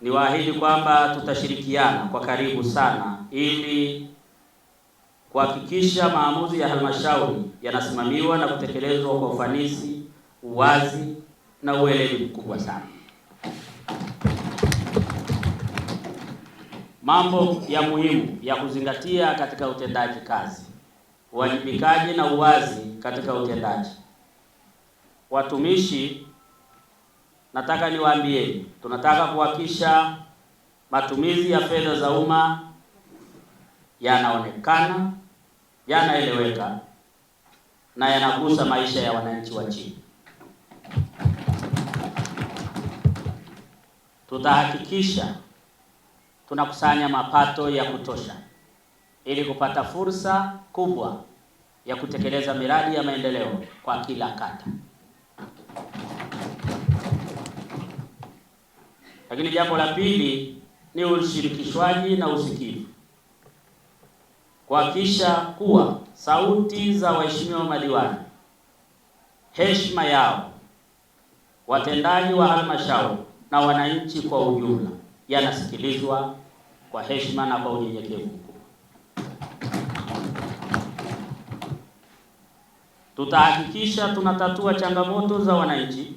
niwaahidi kwamba tutashirikiana kwa karibu sana ili kuhakikisha maamuzi ya halmashauri yanasimamiwa na kutekelezwa kwa ufanisi, uwazi na ueledi mkubwa sana. Mambo ya muhimu ya kuzingatia katika utendaji kazi: uwajibikaji na uwazi katika utendaji. Watumishi nataka niwaambie, tunataka kuhakikisha matumizi ya fedha za umma yanaonekana, yanaeleweka na yanagusa maisha ya wananchi wa chini. Tutahakikisha tunakusanya mapato ya kutosha ili kupata fursa kubwa ya kutekeleza miradi ya maendeleo kwa kila kata. Lakini jambo la pili ni ushirikishwaji na usikivu, kuhakikisha kuwa sauti za waheshimiwa madiwani, heshima yao, watendaji wa halmashauri na wananchi kwa ujumla yanasikilizwa kwa heshima na kwa unyenyekevu mkubwa. Tutahakikisha tunatatua changamoto za wananchi,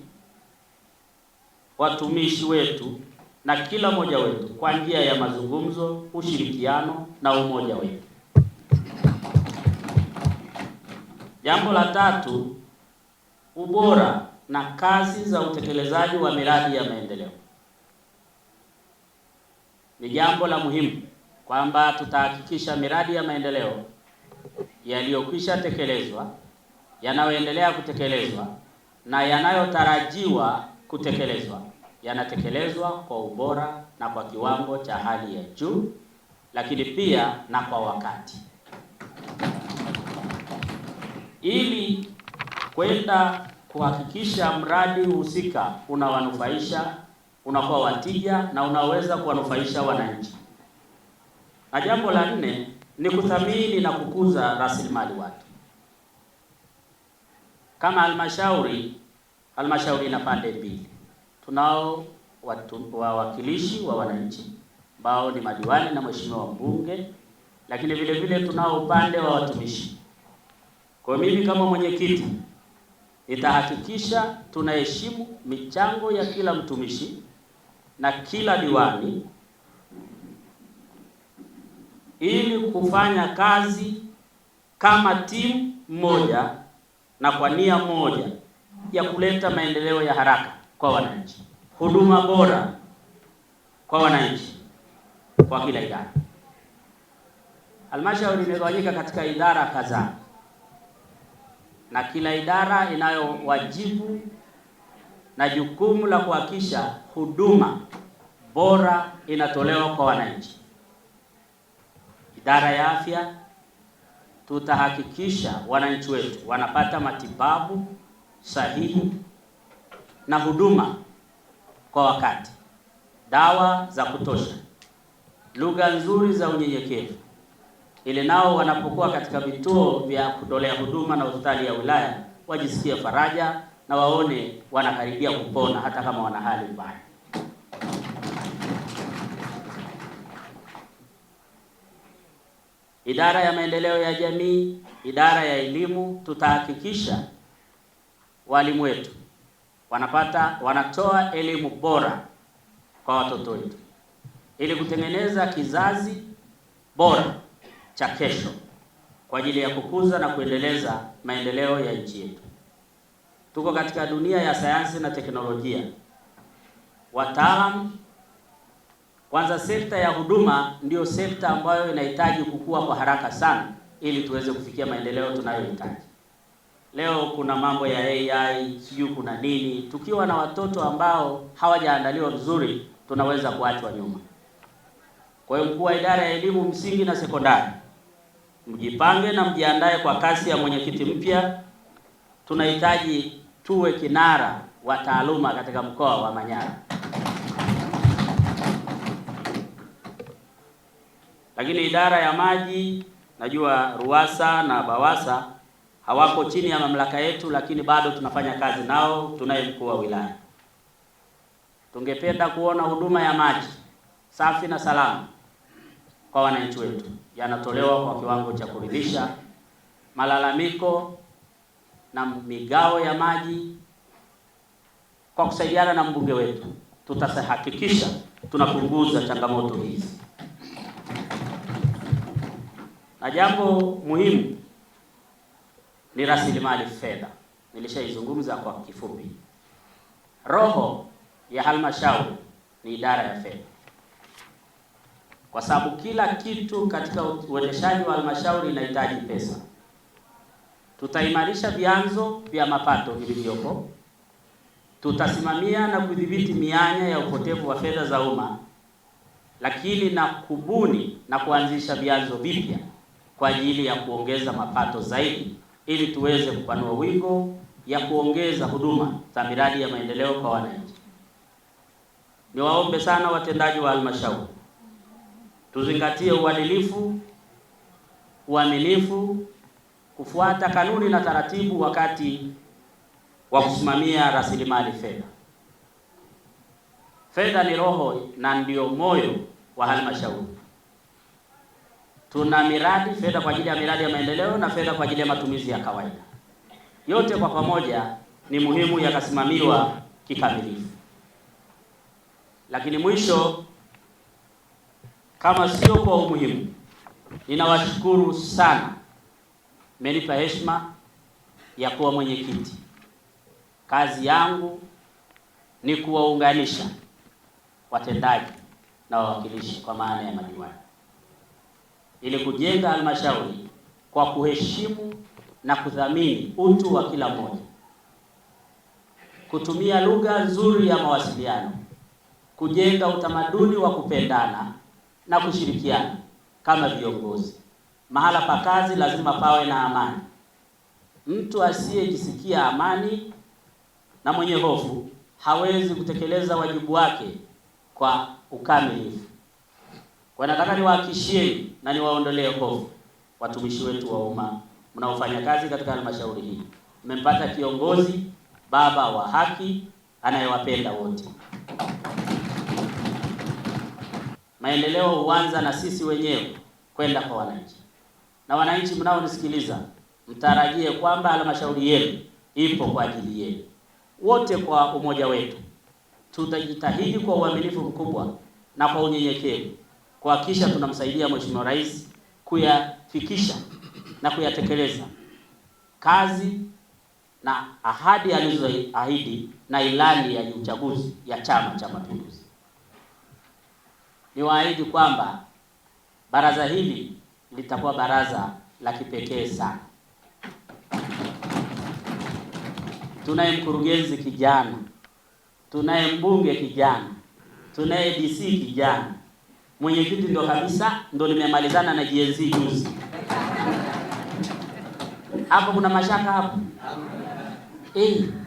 watumishi wetu na kila mmoja wetu kwa njia ya mazungumzo, ushirikiano na umoja wetu. Jambo la tatu, ubora na kazi za utekelezaji wa miradi ya maendeleo. Ni jambo la muhimu kwamba tutahakikisha miradi ya maendeleo yaliyokwisha tekelezwa, yanayoendelea kutekelezwa na yanayotarajiwa kutekelezwa yanatekelezwa kwa ubora na kwa kiwango cha hali ya juu, lakini pia na kwa wakati, ili kwenda kuhakikisha mradi husika unawanufaisha, unakuwa watija na unaweza kuwanufaisha wananchi. Na jambo la nne ni kuthamini na kukuza rasilimali watu. Kama halmashauri, halmashauri ina pande mbili tunao watu, wawakilishi wa wananchi ambao ni madiwani na mheshimiwa mbunge, lakini vile vile tunao upande wa watumishi. Kwa mimi kama mwenyekiti nitahakikisha tunaheshimu michango ya kila mtumishi na kila diwani ili kufanya kazi kama timu moja na kwa nia moja ya kuleta maendeleo ya haraka kwa wananchi, huduma bora kwa wananchi kwa kila idara. Halmashauri imegawanyika katika idara kadhaa, na kila idara inayo wajibu na jukumu la kuhakikisha huduma bora inatolewa kwa wananchi. Idara ya afya, tutahakikisha wananchi wetu wanapata matibabu sahihi na huduma kwa wakati, dawa za kutosha, lugha nzuri za unyenyekevu, ili nao wanapokuwa katika vituo vya kutolea huduma na hospitali ya wilaya wajisikie faraja na waone wanakaribia kupona hata kama wana hali mbaya. Idara ya maendeleo ya jamii, idara ya elimu, tutahakikisha walimu wetu wanapata wanatoa elimu bora kwa watoto wetu ili kutengeneza kizazi bora cha kesho kwa ajili ya kukuza na kuendeleza maendeleo ya nchi yetu. Tuko katika dunia ya sayansi na teknolojia. Wataalamu kwanza, sekta ya huduma ndiyo sekta ambayo inahitaji kukua kwa haraka sana ili tuweze kufikia maendeleo tunayohitaji. Leo kuna mambo ya AI, sijui kuna nini. Tukiwa na watoto ambao hawajaandaliwa vizuri, tunaweza kuachwa nyuma. Kwa hiyo, mkuu wa idara ya elimu msingi na sekondari, mjipange na mjiandae kwa kasi ya mwenyekiti mpya. Tunahitaji tuwe kinara wa taaluma katika mkoa wa Manyara. Lakini idara ya maji, najua RUWASA na BAWASA hawako chini ya mamlaka yetu, lakini bado tunafanya kazi nao. Tunaye mkuu wa wilaya. Tungependa kuona huduma ya maji safi na salama kwa wananchi wetu yanatolewa kwa kiwango cha kuridhisha. Malalamiko na migao ya maji, kwa kusaidiana na mbunge wetu, tutahakikisha tunapunguza changamoto hizi. Na jambo muhimu ni rasilimali fedha, nilishaizungumza kwa kifupi. Roho ya halmashauri ni idara ya fedha, kwa sababu kila kitu katika uendeshaji wa halmashauri inahitaji pesa. Tutaimarisha vyanzo vya mapato vilivyopo, tutasimamia na kudhibiti mianya ya upotevu wa fedha za umma, lakini na kubuni na kuanzisha vyanzo vipya kwa ajili ya kuongeza mapato zaidi ili tuweze kupanua wigo ya kuongeza huduma za miradi ya maendeleo kwa wananchi. Niwaombe sana watendaji wa halmashauri tuzingatie uadilifu, uaminifu, kufuata kanuni na taratibu wakati wa kusimamia rasilimali fedha. Fedha ni roho na ndio moyo wa halmashauri. Tuna miradi fedha kwa ajili ya miradi ya maendeleo na fedha kwa ajili ya matumizi ya kawaida. Yote kwa pamoja ni muhimu yakasimamiwa kikamilifu. Lakini mwisho, kama sio kwa umuhimu, ninawashukuru sana, mmenipa heshima ya kuwa mwenyekiti. Kazi yangu ni kuwaunganisha watendaji na wawakilishi kwa maana ya madiwani ili kujenga halmashauri kwa kuheshimu na kudhamini utu wa kila mmoja, kutumia lugha nzuri ya mawasiliano, kujenga utamaduni wa kupendana na kushirikiana kama viongozi. Mahala pa kazi lazima pawe na amani. Mtu asiyejisikia amani na mwenye hofu hawezi kutekeleza wajibu wake kwa ukamilifu. Nataka niwahakikishie na niwaondolee hofu watumishi wetu wa umma mnaofanya kazi katika halmashauri hii, mmempata kiongozi baba wa haki anayewapenda wote. Maendeleo huanza na sisi wenyewe kwenda kwa wananchi, na wananchi mnaonisikiliza, mtarajie kwamba halmashauri yenu ipo kwa ajili yenu wote. Kwa umoja wetu tutajitahidi kwa uaminifu mkubwa na kwa unyenyekevu kuhakikisha tunamsaidia Mheshimiwa Rais kuyafikisha na kuyatekeleza kazi na ahadi alizoahidi na ilani ya uchaguzi ya Chama cha Mapinduzi. Niwaahidi kwamba baraza hili litakuwa baraza la kipekee sana. Tunaye mkurugenzi kijana, tunaye mbunge kijana, tunaye DC kijana mwenyekiti ndo kabisa, ndo nimemalizana na GNZ juzi. Hapo kuna mashaka hapo eh?